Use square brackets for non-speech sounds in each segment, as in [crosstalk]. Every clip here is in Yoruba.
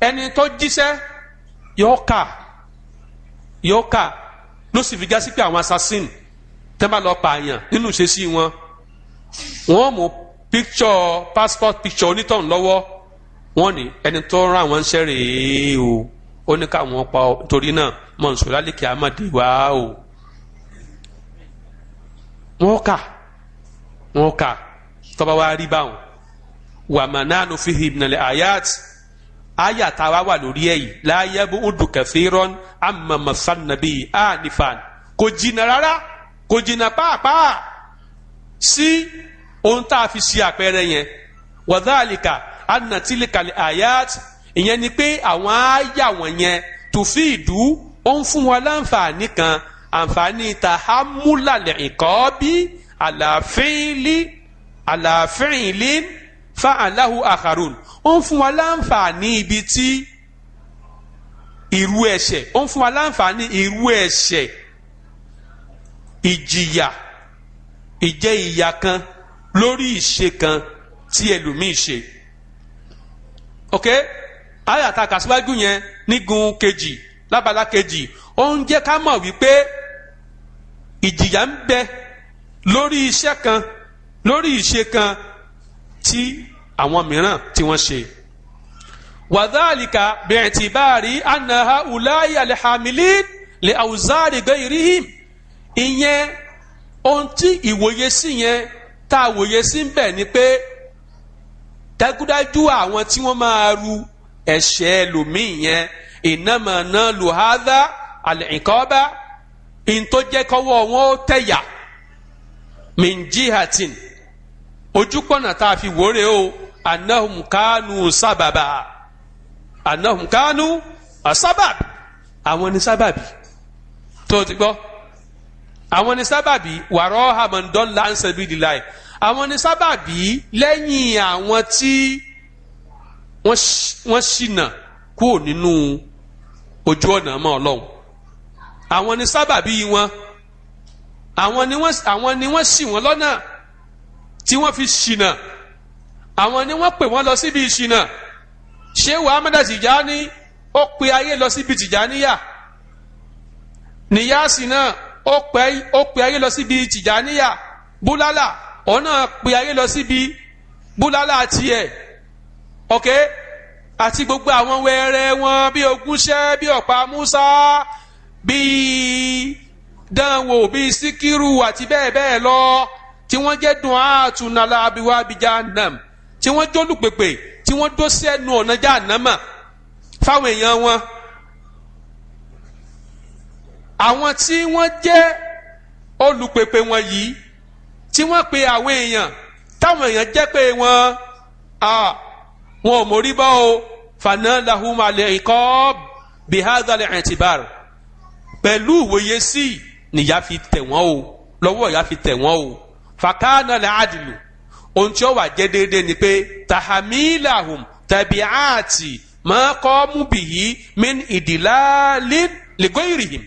ẹni tó jíṣẹ́ yóò kà yóò kà ló sì fi já sí pé àwọn assassin tẹ́ bá lọ pààyàn nínú ìṣesí wọn wọ́n mú picture passport picture onítọ̀hún lọ́wọ́ wọ́n ní ẹni tó rán àwọn ṣẹ́ rèé o ó ní káwọn pa ọ torí náà mọ̀nsó lálẹ́kì amadi wá o wọ́n kà wọ́n kà tọ́ba wa rí báwọn wàmánà nufi hibnale ayat aya ta wa wà lórí ẹ̀ yìí láyé bó ń dùn kẹfì rán amama sanabi anifan kò jìnnà rárá kò jìnnà pàápàá sí ohun tá a fi ṣe àpẹẹrẹ yẹn wàdálìkà anatilikali ayat ìyẹn ni pé àwọn aya wọ̀nyẹn tòfin ìdú ó ń fún wọn láǹfààní kan àǹfààní tahamulalẹ̀ ìkọ́ bí àlàáfíìlì àlàáfíìlì fa aláhu akharun ó ń fún wa láǹfààní ibi tí irú ẹ̀ṣẹ̀ ó ń fún wa láǹfààní irú ẹ̀ṣẹ̀ ìjìyà ìjẹ ìyà kan lórí ìṣe kan tí ẹlòmíì ṣe ok ayàtà kàṣíwájú yẹn nígun kejì lábala kejì ó ń jẹ́ ká mọ̀ wípé ìjìyà ń bẹ lórí iṣẹ́ kan lórí ìṣe kan tí àwọn mìíràn tí wọ́n ṣe. wàdálìkà bẹ̀rẹ̀ tí báàrí anaha ulayi alihamilin le awuzari gẹ́yìrìhìm ìyẹn ohun tí ìwòye sí yẹn tá a wòye sí ń bẹ̀ ni pé dágúdájú àwọn tí wọ́n máa ru ẹ̀ṣẹ̀ lòmíì yẹn ìnámọ̀nà lòhádà àlẹ́ǹkọ́bá ìntòjẹ́kọ́wọ́ wọn ó tẹ̀yà mìjíhàtìn ojúkọ̀nà tá a fi wóore o anahum kanu sábàbà anahum kanu asábàbì àwọn ni sábàbì tó o ti gbọ́ àwọn ni sábàbí wàrọ hamandon lansẹ bíi dìláì àwọn ni sábàbí lẹ́yìn àwọn tí wọ́n ṣìnà kúrò nínú ojú ọ̀nà mọ́ ọlọ́run àwọn ni sábàbí wọn àwọn ni wọ́n sì wọ́n lọ́nà tí wọ́n fi ṣìnà àwọn ni wọ́n pè wọ́n lọ síbi ìṣìnà ṣéwà amada tìjáni ó pe ayé lọ síbi tìjáníyà níyàsí náà ó pe ayé lọ síbi tìjáníyà búlálà òun náà pe ayé lọ síbi búlálà tiẹ̀ ok àti gbogbo àwọn wẹrẹ wọn bí ogúnṣẹ́ bí ọ̀pá musa bí dánwò bí síkírù àti bẹ́ẹ̀ bẹ́ẹ̀ lọ tí wọ́n jẹ́ dùn àtúnalá abiwá abijá nam tí wọ́n jólùpèpè tí wọ́n dó sẹ́nu ọ̀nà já ànámà fáwọn èèyàn wọn. àwọn tí wọ́n jẹ́ olùpèpè wọn yìí tí wọ́n pe àwọn èèyàn táwọn èèyàn jẹ́ pé wọ́n wọn ò mórí bọ́ o fàná lahum alẹ́ ikọ́ bihadalẹ̀ ẹ̀tìbàr pẹ̀lú ìwòye sí nìyá fi tẹ̀ wọ́n o lọ́wọ́ ìyá fi tẹ̀ wọ́n o fakana la adilu ohun tí ó wà jẹ́ déédéé ni pé tahamilahum tabi'ati ma qamu bihi min idlalin li ghayrihim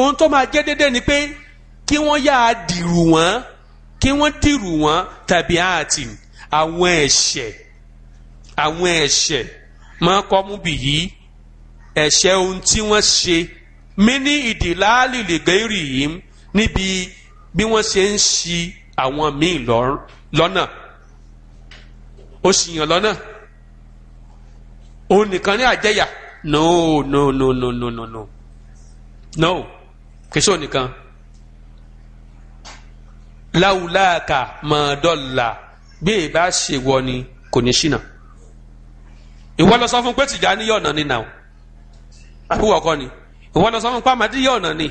ohun tó máa jẹ́ déédéé ni pé kí wọ́n yá a dìrù wọ́n kí wọ́n dìrù wọ́n tabi'ati àwọn ẹ̀ṣẹ̀ àwọn ẹ̀ṣẹ̀ ma qamu bihi ẹ̀ṣẹ̀ ohun tí wọ́n ṣe min idlalin li ghayrihim níbi bí wọ́n ṣe ń ṣi àwọn míì lọ́nà ó sì yàn lọ́nà òun nìkan ní àjẹyà no no no no no no no no kìí ṣe òun nìkan láwùláàkà mọ̀ọ́dọ́là bí ìbá ṣe wọ ni kò ní ṣìnà ìwọ lọ sọ fún pé tìjà ní yọ̀nà ni nà ó àbúwọ̀ ni ìwọ lọ sọ fún pé yọ̀nà ni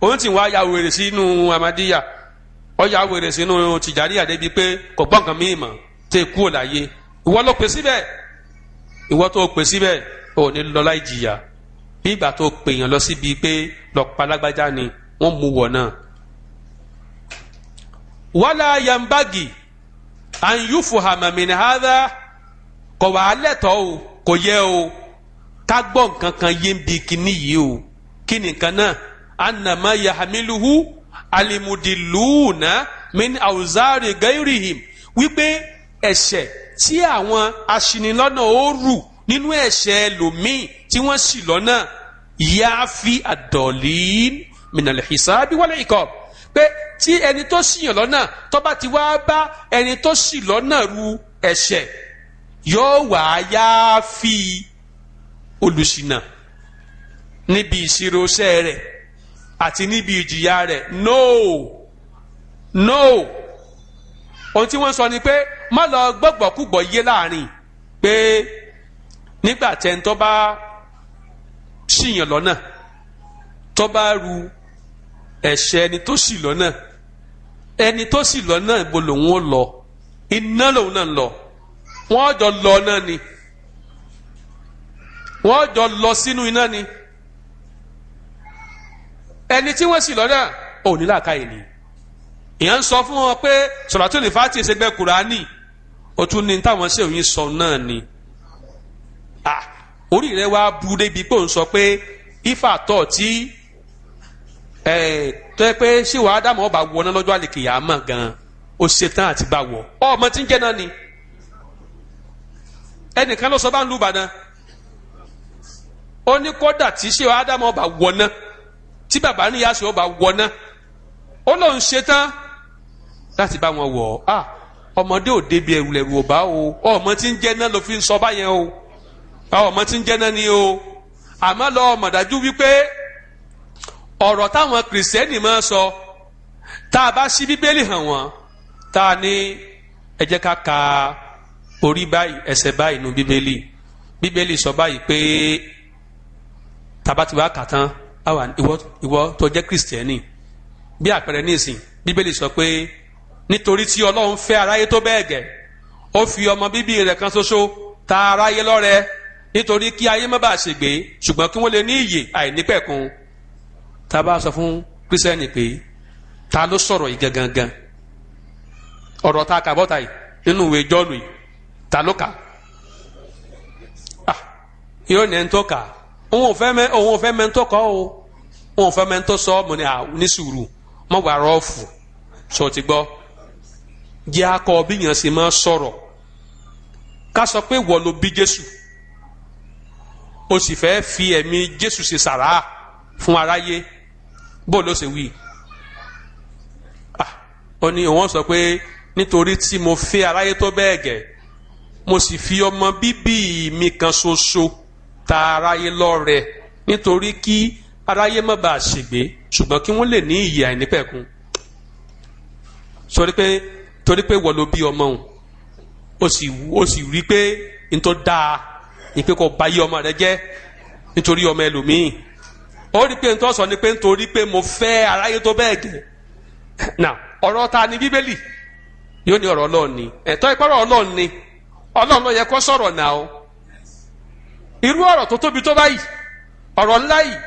òun ti wá ya wèrè sínú amadiya ó ya wèrè sínú tìjàríyà débi pé kò gbọ́ nǹkan míì mọ̀ tẹ kú ò láyé ìwọ ló pè síbẹ̀ ìwọ tó pè síbẹ̀ ò ní lọ láì jìyà bí ìgbà tó pè yàn lọ síbi pé lọ palágbájá ni wọ́n mú wọ̀ náà. wala yambagi an yufuhama min hadha kò wàá lẹ́tọ̀ọ́ o kò yẹ o ká gbọ́ nǹkan yé bi kíní yìí o kí nìkan náà anama yahamiluhu alimudiluna min awuzari gairihim wípé ẹ̀ṣẹ̀ tí àwọn aṣinilọ́nà ó rù nínú ẹ̀ṣẹ̀ ẹlòmíì tí wọ́n ṣì lọ́nà yááfi àdọ̀lín minal hisabi wal iqab pé tí ẹni tó ṣìyàn lọ́nà tó bá ti wá bá ẹni tó ṣì lọ́nà ru ẹ̀ṣẹ̀ yóò wá yááfi olùṣìnà níbi ìṣirò iṣẹ́ àti níbi ìjìyà rẹ̀ no no ohun tí wọ́n sọ ni pé má lọ gbọ́gbọ́kúgbọ́ yé láàrin pé nígbà tẹ́ńtọ́ bá ṣìyàn lọ́nà tó bá ru ẹ̀ṣẹ̀ ẹni tó ṣì lọ́nà ẹni tó ṣì lọ́nà ibo lòun ó lọ iná lòun náà lọ wọ́n jọ lọ náà ni wọ́n jọ lọ sínú iná ni ẹni tí wọ́n sì lọ́dà ò ní làákàyè ni èèyàn sọ fún wọn pé sọ̀rọ̀tò lè fàtì ìṣègbè kùránì ó tún ní táwọn ṣe òyìn sọ náà ni orí rẹ wá bu débi pé òun sọ pé ifá tọ̀ tí tó yẹ pé ṣé wàá dààmú ọba wọ náà lọ́jọ́ àlèkèyà mọ̀ gan-an ó ṣetán àti bá wọ ọmọ tí ń jẹ́ náà ni ẹnìkan ló sọ bá ń lù ó ní kódà tí ṣé wàá dààmú ọba wọ náà tí bàbá níyà sí ọba wọná ó lóun ṣetán láti bá wọn wọ̀ ọ́ ah, ọmọdé ò débi ẹrù lẹrù ọba o ọmọ tí ń jẹ náà ló fi ń sọ báyẹn o ah, ọmọ tí ń jẹ náà ni o àmọ́ lọ ọmọ dájú wípé ọ̀rọ̀ táwọn kìrìsìtẹ́nì máa sọ tá a bá ṣí bíbélì hàn wọ́n tá a ní ẹ jẹ́ ká ka orí báyìí ẹsẹ̀ báyìí nu bíbélì bíbélì sọ báyìí pé tá a àwa ìwọ ìwọ tó jẹ́ kristẹni bí àpẹẹrẹ nísìn bíbélì sọ pé nítorí tí ọlọ́run fẹ́ aráyé tó bẹ́ẹ̀ gẹ́ ó fi ọmọ bíbí rẹ̀ kan ṣoṣo ta aráyé lọ́rẹ nítorí kí ayé má bàa ṣègbé ṣùgbọ́n kí wọ́n lè ní ìyè àìnípẹ̀kun tá a bá sọ fún kristẹni pé ta ló sọ̀rọ̀ yìí gangan ọ̀rọ̀ tá kà bọ́ta yìí nínú ìwé jọ́ọ̀lù yìí ta ló kà ah, yóò ní ẹni tó kà òun ò fẹ́ mẹ òun ò fẹ́ mẹ ntọ́ kọ́ o òun ò fẹ́ mẹ ntọ́ sọ ọ́ mọ̀ ní à ní sùúrù mọ̀ wà rọ́ọ̀fù sọ ti gbọ́ jẹ́ akọ bí yẹn sì máa sọ̀rọ̀ ká sọ pé wọ́n ló bí Jésù o sì fẹ́ fi ẹ̀mí Jésù ṣe sàrà fún aráyé bó ló ṣe wí ah, ó ní òun sọ pé nítorí tí mo fẹ́ aráyé tó bẹ́ẹ̀ gẹ̀ mo sì fi ọmọ bíbí mi kan ṣoṣo. So -so ta aráyé lọ́rẹ nítorí kí aráyé má bàa ṣègbé ṣùgbọ́n kí wọ́n lè ní ìyè àìnípẹ̀kun sọrí pé torí pé wọ́n ló bí ọmọ òun ó sì ó sì rí pé n tó dáa ìpè kò bá yí ọmọ rẹ jẹ́ nítorí ọmọ ẹlòmíì ó rí pé n tó sọ ni pé nítorí pé mo fẹ́ aráyé tó bẹ́ẹ̀ gẹ̀ nà ọ̀rọ̀ ta ni bíbélì yóò ní ọ̀rọ̀ ọlọ́ọ̀ni ẹ̀tọ́ ìpẹ́rọ̀ ọlọ́ọ̀ni ọlọ́ọ̀ni yẹ kó sọ̀rọ̀ náà o irú ọ̀rọ̀ tó tóbi tó báyìí ọ̀rọ̀ ńlá yìí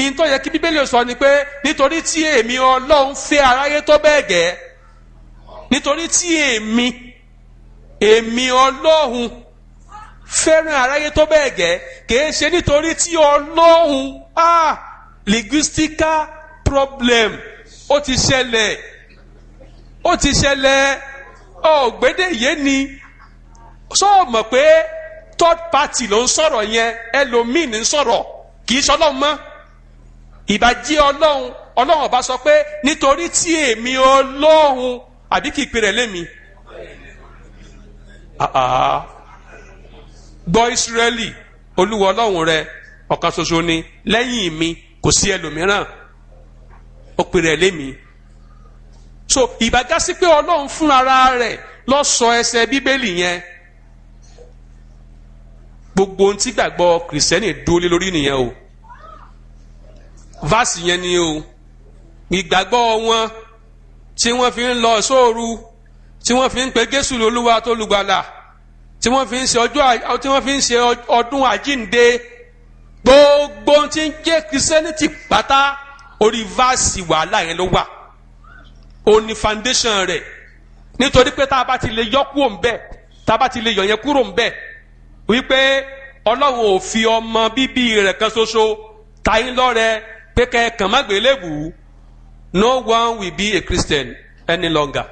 ìyìn tó yẹ kí bíbélì sọ ni pé nítorí tí èmi ọlọ́run fẹ́ aráyé tó bẹ́ẹ̀ gẹ́ nítorí tí èmi èmi ọlọ́run fẹ́ràn aráyé tó bẹ́ẹ̀ gẹ́ kìí ṣe nítorí tí ọlọ́run ah linguistical problem ó ti ṣẹlẹ̀ ó ti ṣẹlẹ̀ ọ̀gbẹ́dẹ̀ ni sọ pé third party ló ń sọ̀rọ̀ yẹn ẹlòmíì ní sọ̀rọ̀ kì í sọlọ́run mọ́ ìbàjẹ́ ọlọ́run ọlọ́run ọba sọ pé nítorí tí èmi ọlọ́run àbí kì í pe rẹ̀ lémi. gbọ́ ìsírẹ́lì olúwa ọlọ́run rẹ ọ̀kan ṣoṣo ni lẹ́yìn mi kò sí ẹlòmíràn ó pe rẹ̀ lémi. so ìbàjẹ́ sí pé ọlọ́run fúnra rẹ̀ ló sọ ẹsẹ̀ bíbélì yẹn gbogbo ohun tí gbàgbọ́ kìrìsìtẹ́nì dúró lé lórí nìyẹn o vaasi yẹn ni o ìgbàgbọ́ wọn tí wọ́n fi ń lọ sóòru tí wọ́n fi ń pe Jésù lólúwa tó lùgbàlà tí wọ́n fi ń ṣe ọjọ́ tí wọ́n fi ń ṣe ọdún àjínde gbogbo ohun tí ń jẹ́ kìrìsìtẹ́nìtì pátá orí vaasi wàhálà yẹn ló wà ó ní foundation rẹ̀ nítorí pé tá a bá ti lè yọ kúrò ń bẹ̀ tá a bá ti lè yọ yẹn kúrò ń bẹ̀ wípé ọlọ́run ò fi ọmọ bíbí rẹ̀ kan ṣoṣo ta yín lọ́rẹ pé kẹ́ ẹ kàn má gbélébù no one will be a Christian any longer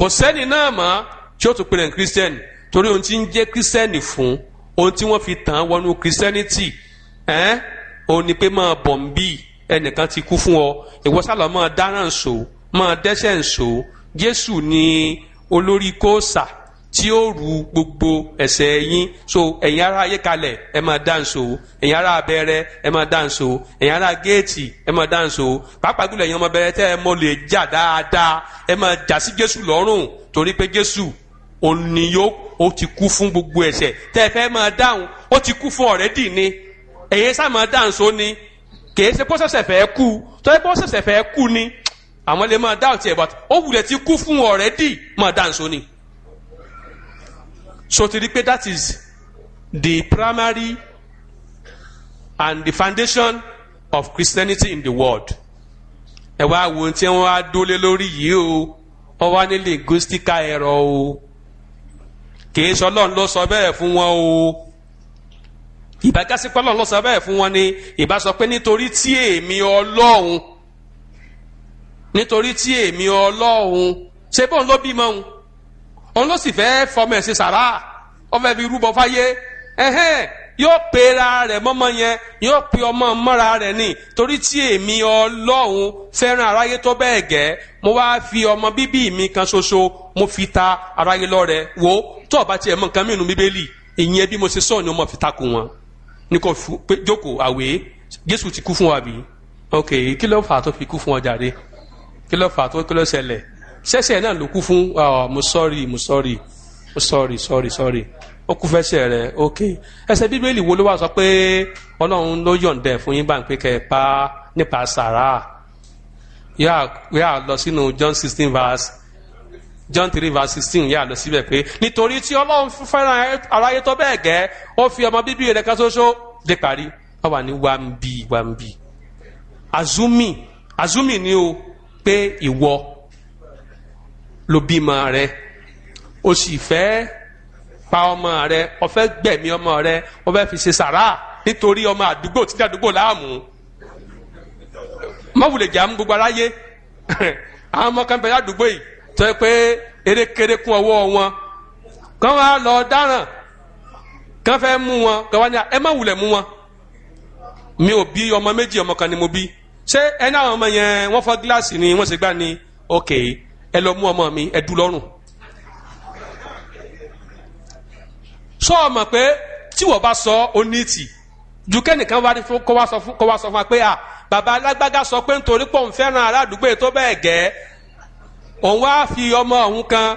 kò sẹ́ni náà mọ́ tí ó tún pinnu Christian torí ohun tí ń jẹ́ Christian fún ohun tí wọ́n fi tàn wọnú Christianity ẹ́n o ní pé máa bọ̀ ń bí ẹnìkan ti kú fún ọ ìwọ sálọ máa dáràn so máa dẹ́sẹ̀ ń so Jésù ni olórí kóòsà tí ó ru gbogbo ẹsẹ̀ yín so ẹ̀yin ará ayékalẹ̀ ẹ máa dáǹso ẹ̀yin ará abẹ́rẹ́ ẹ máa dáǹso ẹ̀yin ará géètì ẹ máa dáǹso pàápàá jùlọ ẹ̀yin ọmọ bẹ̀rẹ̀ tẹ́ ẹ mọ̀ lè jà dáadáa ẹ máa jà sí Jésù lọ́rùn torí pé Jésù òun ni yóò ó ti kú fún gbogbo ẹ̀ṣẹ̀ tẹ́ ẹ fẹ́ máa dáhùn ó ti kú fún ọ̀rẹ́dì ni ẹ̀yin sá máa dáǹso ni kèé ṣe kó ṣẹ̀ṣẹ̀ fẹ́ kú tọ́jú kó ṣẹ̀ṣẹ̀ fẹ́ kú ni àwọn lè máa dáhùn tiẹ̀ bàtà ó wulẹ̀ so ti rí pé that is the primary and the foundation of Christianity in the world ẹ wá wo tí wọ́n á dólé lórí yìí o wọ́n wá ní linguistica error o kìí sọ Ọlọ́run ló sọ bẹ́ẹ̀ fún wọn o ìbágásípọ̀ Ọlọ́run ló sọ bẹ́ẹ̀ fún wọn ni ìbá sọ pé nítorí tí èmi Ọlọ́run nítorí tí èmi Ọlọ́run ṣé bóun ló bímọ òun òun ló sì fẹ́ fọmọ ẹ̀ ṣe sàrà ọfẹ́ fi rúbọ fáyé ẹ̀hẹ́n yóò pe ra rẹ̀ mọ́mọ́ yẹn yóò pe ọmọ mọ́ra rẹ̀ ni torí tí èmi ọlọ́run fẹ́ràn aráyé tó bẹ́ẹ̀ gẹ́ mo wá fi ọmọ bíbí mi kan ṣoṣo mo fi ta aráyé lọ́rẹ wo tó o bá tiẹ̀ mọ nǹkan mìíràn bíbélì ìyẹn bí mo ṣe sọ ni mo fi takò wọn ní kò jókòó àwé jésù ti kú fún wa bí ok kí ló fà á tó fi kú fún ọ jáde kí ló fà á tó kí ló ṣẹlẹ̀ sẹ́sẹ̀ náà ló kú fún ah, mo sọ́ọ̀rì mo sọ́ọ̀rì mo sọ́ọ̀rì sọ́ọ̀rì sọ́ọ̀rì ó kú fẹsẹ̀ rẹ̀ ok ẹsẹ̀ bíbélì wo ló wà sọ pé ọlọ́run ló yọ̀ǹdẹ̀ fún yín bá ń pé kẹ́ pa nípa sàrà yà á lọ sínú John sixteen verse John three verse sixteen yà á lọ síbẹ̀ pé nítorí tí ọlọ́run fẹ́ràn aráyé tó bẹ́ẹ̀ gẹ́ ó fi ọmọ bíbí rẹ̀ kan dé parí ó wà ní wàmbí wàmbí azumi azumi ni o pé ìwọ ló bímọ rẹ o sì fẹ́ pa ọmọ rẹ o fẹ́ gbẹ̀mí ọmọ rẹ o fẹ́ fi ṣe sàrà nítorí ọmọ àdúgbò tí àdúgbò láàmú mọ̀wùlẹ̀ jà ń gbogbo aráyé [laughs] àwọn ọmọ kan bẹ ládùúgbò yìí tọ́ pé erékeré kún ọwọ́ wọn kán wá lọ dáràn kán fẹ́ mú wọn kán wá ní ẹ má wùlẹ̀ mú wọn mi ò bí ọmọ méjì ọmọ kan ni mo bí ṣé ẹ àwọn ọmọ yẹn wọ́n fọ́ gíláàsì ni wọ́n ṣe gbá ni ok ẹ lọ mú ọmọ mi ẹ dú lọ́rùn. sọ ọ mọ̀ pé tí wọ́n bá sọ ó ní tì ju kẹ́nìkan wá fún kọ́ wá sọ fún kọ́ wá sọ fún wa pé à bàbá alágbádá sọ pé nítorí pọ̀ ń fẹ́ràn ará àdúgbò yìí tó bẹ́ẹ̀ gẹ́ òun wá fi ọmọ òun kan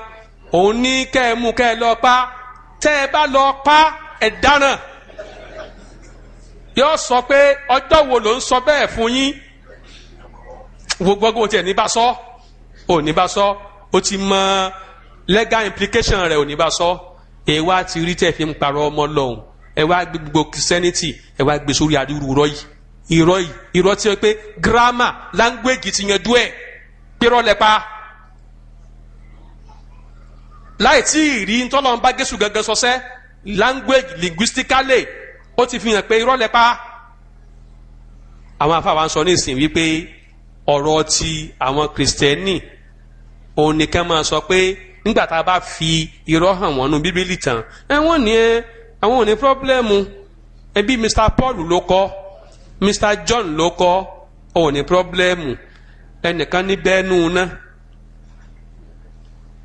òun ní kẹ́ ẹ mú kẹ́ ẹ lọ pa tẹ́ ẹ bá lọ pa ẹ̀ dáná yóò sọ pé ọjọ́ wo ló ń sọ bẹ́ẹ̀ fún yín gbogbo tiẹ̀ ní bá sọ. So òní bá sọ ó ti mọ legal implication rẹ̀ òní bá sọ ẹ wá ti rí tẹ̀ fi ń parọ́ ọmọ lọ́hùn ẹ wá gbé gbogbo christianity ẹ wá gbé sórí àdúrú rọ yìí irọ́ yìí irọ́ tí pé grammar language ti yanjú ẹ̀ pírọ́ lẹ́pa láì tí ì rí ntọ́lọ́n bá gẹ̀ẹ́sù sọ́sẹ́ language linguistically ó ti fi hàn pé irọ́ lẹ́pa àwọn afáwa ń sọ ní ìsìn wípé ọ̀rọ̀ ti àwọn kìrìsìtẹ́nì òun nìkan máa sọ pé nígbà tá a bá fi irọ́ hàn wọ́n nu bíbélì tán ẹ wọ́n ní ẹ àwọn ò ní pírọ́blẹ́mù ẹbí Mr. Paul ló kọ́ Mr. John ló kọ́ ò ní pírọ́blẹ́mù ẹnìkan ní bẹ́ẹ̀nù nù náà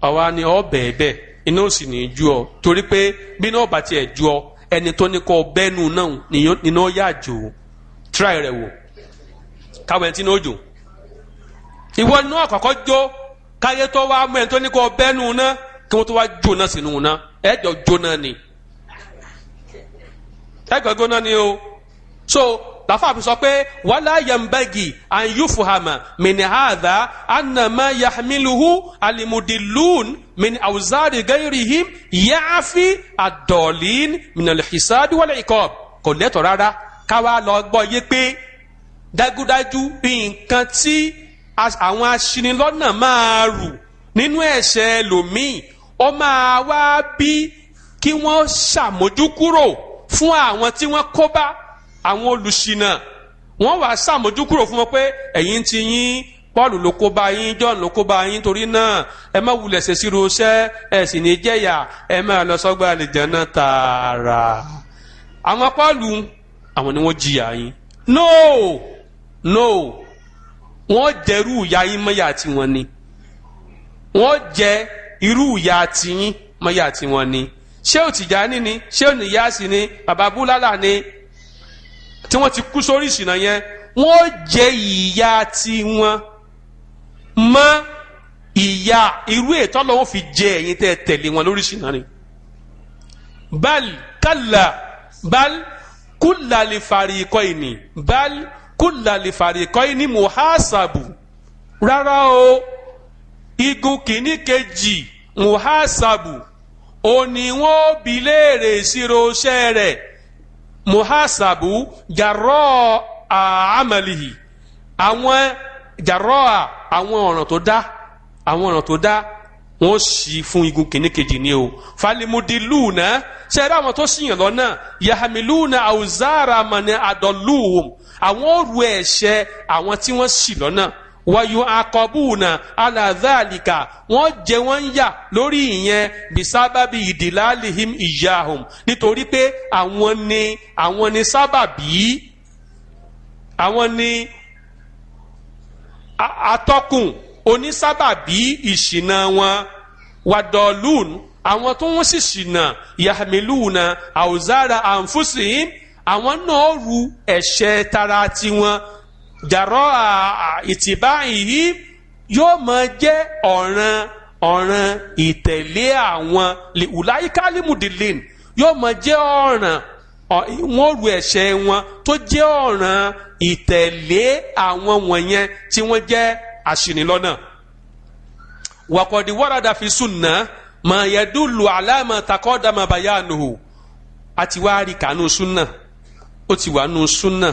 àwa ni ọ bẹ̀ẹ̀ bẹ́ẹ̀ iná ò sì ní í ju ọ torí pé bí náà bá tiẹ̀ ju ọ ẹni tó ní kọ́ bẹ́ẹ̀nù náà nínú yà jò tíráì rẹ̀ wò káwọn ẹni tí náà jò ìwọ náà kọ́kọ́ jó káyé tó wá mú ẹ̀ tó ní kọ́ bẹ́nu ná kí wọ́n tó wá jóná sínú ná ẹ̀ jọ jóná ni ẹ̀ jọ jóná ni o so lafa fi sọ pé wàlá yambagi an yufuhama mini hadha anama yahmiluhu alimudilun mini awuzari gairihim yaafi adolin minalihisadi wàlẹ ikọ kò lẹ́tọ̀ rárá káwa lọ gbọ́ pé dájúdájú nǹkan tí àwọn aṣinilọ́nà máa rù nínú ẹ̀ṣẹ̀ ẹlòmíì ó máa wá bí kí wọ́n ṣàmójúkúrò fún àwọn tí wọ́n kó bá àwọn olùṣìnà wọ́n wàá ṣàmójúkúrò fún wọn pé ẹ̀yin ti yín Pọ́ọ̀lù ló kó bá yín John ló kó bá yín torí náà ẹ má wulẹ̀ ṣe sí roṣẹ́ ẹ sì ní jẹ̀yà ẹ má lọ sọ́gbà àlìjẹ́nà tààrà àwọn Pọ́ọ̀lù àwọn ni wọ́n jìyà yín no no wọ́n jẹ irú ìyá yín mọ́yà tiwọn ni wọ́n jẹ irú ìyá tiyín mọ́yà tiwọn ni ṣé ò Tìjàní ni ṣé ò níyàsí ni bàbá búlálà ni tí wọ́n ti kú sórí ìṣìnà yẹn wọ́n jẹ ìyá tiwọn mọ́ ìyá irú ètò ọlọ́wọ́ fi jẹ ẹ̀yin tẹ́ tẹ̀lé wọn lórí ìṣìnà ni bal kálá bal kúlàlì fàrí ikọ́ ìní bal. kúlà lè fàríkọ́ ní muhasabu rárá o igun kìíní kejì muhasabu òní wọn ò bi léèrè ìṣirò iṣẹ́ rẹ̀ muhasabu a àmàlìhì àwọn jàrọ́ àwọn ọ̀ràn tó dá àwọn ọ̀ràn tó dá wọn sì fún igun kìíní kejì ni o falimudiluna ṣe é dáwọn tó ṣìyàn lọ́nà yahamiluna awuzara mani adọ́lùwòm àwọn òru ẹ̀ṣẹ̀ àwọn tí wọ́n ṣì lọ́nà wàyù akọ̀bùnà aláàzáàlìkà wọ́n jẹ wọ́n ń yà lórí ìyẹn bisábàbí ìdìláàlìhìm ìyáhùn nítorí pé àwọn ni àwọn ni sábàbí àwọn ni atọ́kùn onísábàbí ìṣìnà wọn wàdọ̀lùn àwọn tó ń sì ṣìnà yàmìlúùnà àwùzára àǹfùsìn àwọn náà ru ẹ̀ṣẹ̀ tara tiwọn jàrọ́ ìtìbá yìí yóò máa jẹ́ ọ̀ràn ọ̀ràn ìtẹ̀lé àwọn wùláyíká límùdílìn yóò máa jẹ́ ọ̀ràn wọ́n ru ẹ̀ṣẹ̀ wọn tó jẹ́ ọ̀ràn ìtẹ̀lé àwọn wọ̀nyẹn tí wọ́n jẹ́ àṣìnilọ́nà. wàkọ̀dí wọ́rọ̀dà fi súnà mọ̀ yẹ́dúlù aláàmọ̀ takọ́dàmọ̀ bàyà nùhù àti wàá rí kànú súnà ó ti wà nù súnà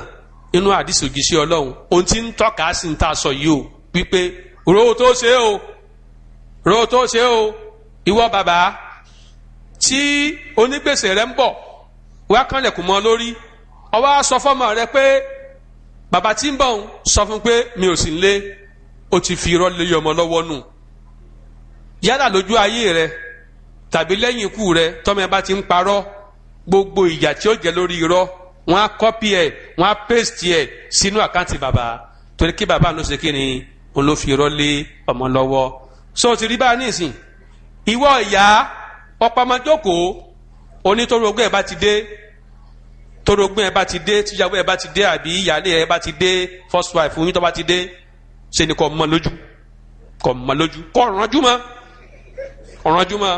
inú àdìsí òjíṣẹ́ ọlọ́run ohun tí ń tọ́ka sí ń tà sọ yìí o wípé ro tó ṣe o ro tó ṣe o ìwọ bàbá tí onígbèsè rẹ ń bọ̀ wá kànlẹ̀kùn mọ́ lórí ó wá sọ fọ́mọ rẹ pé bàbá tí ń bọ̀ ń sọ fún pé mi ò sí lé o ti fi irọ́ lé ọmọ lọ́wọ́ nù yálà lójú ayé rẹ tàbí lẹ́yìn ikú rẹ tọ́mọ bá ti ń parọ́ gbogbo ìyà tí ó jẹ lórí irọ́ wọ́n á kọ́pì ẹ̀ wọ́n á pèsè ẹ̀ baba, àkáǹtì bàbá torí kí bàbá ló ṣe kí ni olófinrọ́ lé ọmọ lọ́wọ́ so ti rí bá a nísìn ìwọ ìyá ọ̀pọ̀mọjókòó onítòrógbé ẹ̀ bá ti dé torógbé ẹ̀ bá ti dé tíyàwó ẹ̀ bá ti dé àbí ìyáálé ẹ̀ bá ti dé first wife oyún tó bá ti dé ṣe ni kò lójú kò mọ lójú kò rànjú mọ́ ọ̀rànjú mọ́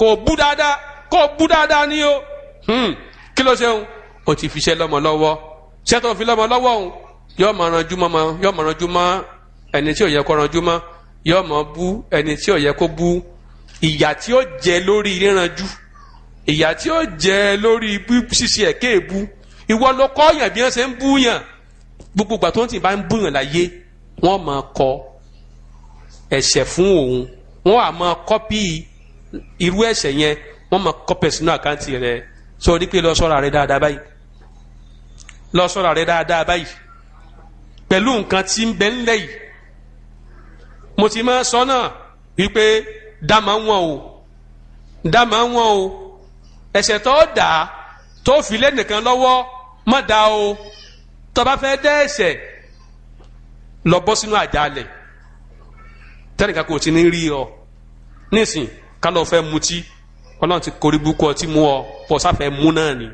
kò bú dáadáa kò bú dáadáa ní o hmm. kí ló ṣeun ó ti fiṣẹ́ lọ́mọ lọ́wọ́ ṣé tó fi lọ́mọ lọ́wọ́ òun yóò máa ranjú mọ́ yóò máa ranjú mọ́ ẹni tí ò yẹ kó ranjú mọ́ yóò máa bú ẹni tí ò yẹ kó bú ìyà tí ó jẹ lórí ríranjú ìyà tí ó jẹ lórí ṣíṣe ẹ̀kẹ́ èbú ìwọ ló kọ́ yàn bí wọ́n ṣe ń bú yàn gbogbo ìgbà tó ń tì bá ń bú yàn láyé wọ́n máa kọ ẹ̀ṣẹ̀ fún òun wọ́n á máa kọ́pì irú ẹ̀ṣẹ̀ yẹn wọ́n máa kọ́pẹ̀ sínú àkáǹtì rẹ̀ sọ ní pé lọ sọ́ra rẹ̀ dáadáa báyìí lọ sọ́ra rẹ dáadáa báyìí pẹ̀lú nǹkan tí ń bẹ ńlẹ̀ yìí mo ti máa sọ náà wípé dáàmà wọn o dáàmà wọn o ẹ̀ṣẹ̀ tó dà tó fi lẹ́nìkan lọ́wọ́ má dà o tó bá fẹ́ dẹ́ ẹ̀ṣẹ̀ lọ bọ́ sínú àjálẹ̀ tẹ́nìkan kò ti ní rí ọ nísìn ká lọ fẹ́ mutí ọlọ́run ti korí búkọ tí mú ọ pọ̀ sáfẹ́ mú náà ni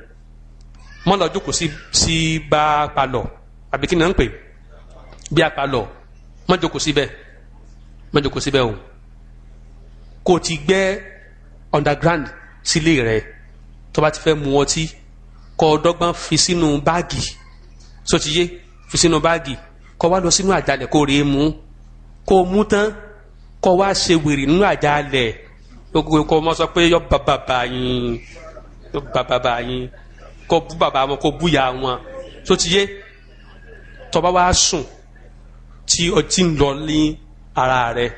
mọ́ lọ jókòó sí sí bá a palọ̀ àbí kí ni wọ́n pè bí a palọ̀ síbẹ̀ mọ́ síbẹ̀ o kò ti gbẹ́ underground sílé rẹ̀ tó bá ti fẹ́ mu ọtí kọ́ ọ fi sínú báàgì sotiye fi sínú báàgì kọ́ wá lọ sínú àjàlẹ̀ kó rèé mu kó mu tán kọ́ wá ṣe wèrè nínú àjàlẹ̀ gbogbo kọ́ ọ mọ́ sọ pé yọ bàbà bàyìn yọ bàbà bàyìn kó bú bàbá wọn kó bú ìyá wọn tó ti yé tó bá wá sùn tí o ti ń lọ ní ara rẹ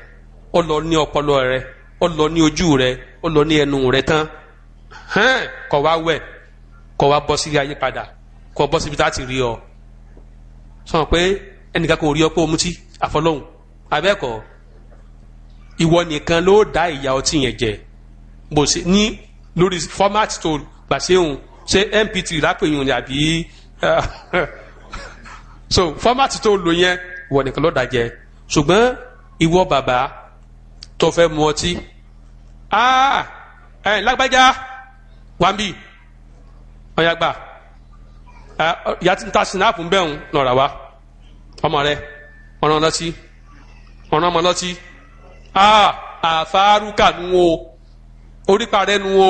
ó lọ ní ọpọlọ rẹ ó lọ ní ojú rẹ ó lọ ní ẹnu rẹ tán hẹ́n kó wá wẹ̀ kó wá bọ́ sí ayé padà kó síbi tá a ti rí ọ sọ pé ẹnìkan kò rí ọ pé o mutí àfọlọ́hùn abẹ́ẹ̀kọ́ ìwọ nìkan ló dá ìyà ọtí yẹn jẹ bó ṣe ní lórí fọ́mátì tó gbà ṣéhùn ṣé mp3 lápèyàn ni àbí [laughs] so fọ́mátì tó lò yẹn wọ̀ nìkan lọ́ọ́ dàjẹ́ ṣùgbọ́n ìwọ bàbá tó fẹ́ mu ọtí ah, ẹ lágbájá wàmbí ọ̀yàgbà ah, ìyá tí ń ta sinapu ń bẹ̀rù lọ́ra wa ọmọ rẹ ọ̀ràn lọ́tí ọ̀ràn ọmọ lọ́tí ah, àfárúkà nu o orípa rẹ nu o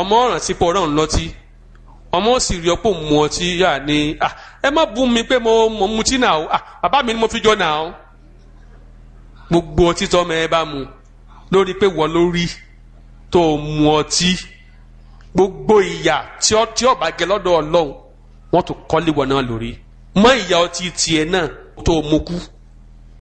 ọmọ ọ̀ràn sí pọ̀ ọ̀ràn lọ́tí ọmọ ó sì rí ọpọ mu ọtí yà ní ah, ẹ má bú mi pé mo mo mutí nà ó à ah, bàbá mi ni mo fi jọ nà ó gbogbo ọtí tọmọ ẹ bá mu lórí pé wọ́n ló rí tó mu ọtí gbogbo ìyà tí ọ tí ọba gẹ lọ́dọ̀ Ọlọ́run wọ́n tún kọ́lé wọn náà lórí mọ ìyà ọtí tiẹ̀ náà tó mu kú.